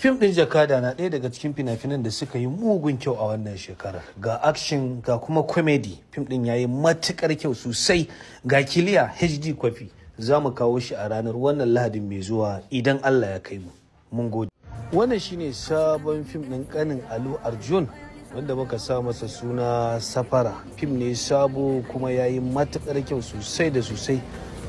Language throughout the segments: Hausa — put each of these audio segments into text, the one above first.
fim ɗin jakada na ɗaya daga cikin fina-finan da suka yi mugun kyau a wannan shekarar ga action ga kuma comedy fim ɗin ya yi matuƙar kyau sosai ga kiliya hd kwafi za mu kawo shi a ranar wannan lahadin mai zuwa idan allah ya kai mu mun gode wannan shine sabon fim ɗin ƙanin alu arjun wanda muka sa masa suna safara fim ne sabo kuma ya yi matuƙar kyau sosai da sosai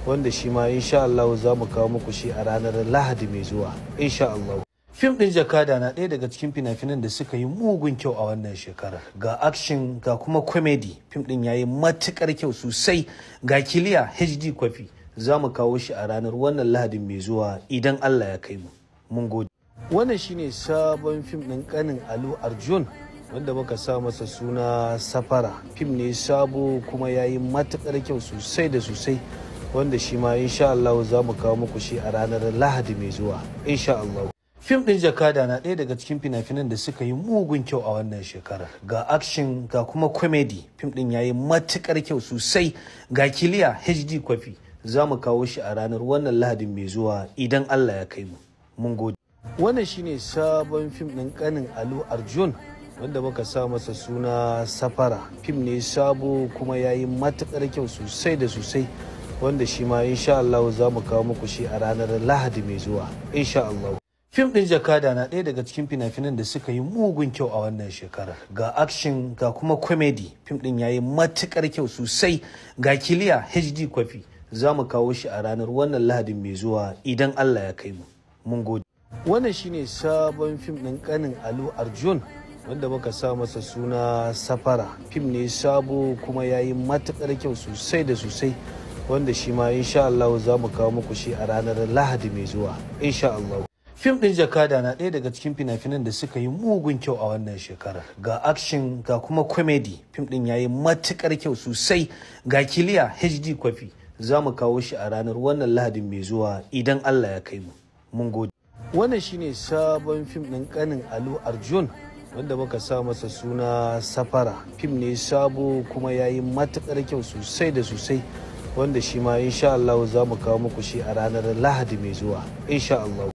wanda shi ma insha Allah za mu kawo muku shi a ranar lahadi mai zuwa insha Allah fim ɗin jakada na ɗaya daga cikin fina-finan da suka yi mugun kyau a wannan shekarar ga action ga kuma comedy fim ɗin ya yi matuƙar kyau sosai ga kiliya hd kwafi za mu kawo shi a ranar wannan lahadin mai zuwa idan allah ya kai mu mun gode wannan shine sabon fim ɗin ƙanin alu arjun wanda muka sa masa suna safara fim ne sabo kuma ya yi matuƙar kyau sosai da sosai wanda shi ma insha Allah za mu kawo muku shi a ranar lahadi mai zuwa insha Allah fim ɗin jakada na ɗaya daga cikin fina-finan da suka yi mugun kyau a wannan shekarar ga action ga kuma comedy fim ɗin ya yi matuƙar kyau sosai ga kiliya hd kwafi za mu kawo shi a ranar wannan lahadin mai zuwa idan allah ya kai mu mun gode wannan shine sabon fim ɗin ƙanin alu arjun wanda muka sa masa suna safara fim ne sabo kuma ya yi matuƙar kyau sosai da sosai wanda shi ma insha Allah za mu kawo muku shi a ranar lahadi mai zuwa insha Allah fim ɗin jakada na ɗaya daga cikin fina-finan da suka yi mugun kyau a wannan shekarar ga action ga kuma comedy fim ɗin ya yi matuƙar kyau sosai ga kiliya hd kwafi za mu kawo shi a ranar wannan lahadin mai zuwa idan allah ya kai mu mun gode wannan shine sabon fim ɗin ƙanin alu arjun wanda muka sa masa suna safara fim ne sabo kuma ya yi matuƙar kyau sosai da sosai wanda shi ma insha Allah za mu kawo muku shi a ranar lahadi mai zuwa insha Allah fim ɗin jakada na ɗaya daga cikin fina-finan da suka yi mugun kyau a wannan shekarar ga action ga kuma comedy fim ɗin ya yi matuƙar kyau sosai ga kiliya hd kwafi za mu kawo shi a ranar wannan lahadin mai zuwa idan allah ya kai mu mun gode wannan shine sabon fim ɗin ƙanin alu arjun wanda muka sa masa suna safara fim ne sabo kuma ya yi matuƙar kyau sosai da sosai wanda shi ma insha Allah za mu kawo muku shi a ranar lahadi mai zuwa insha Allah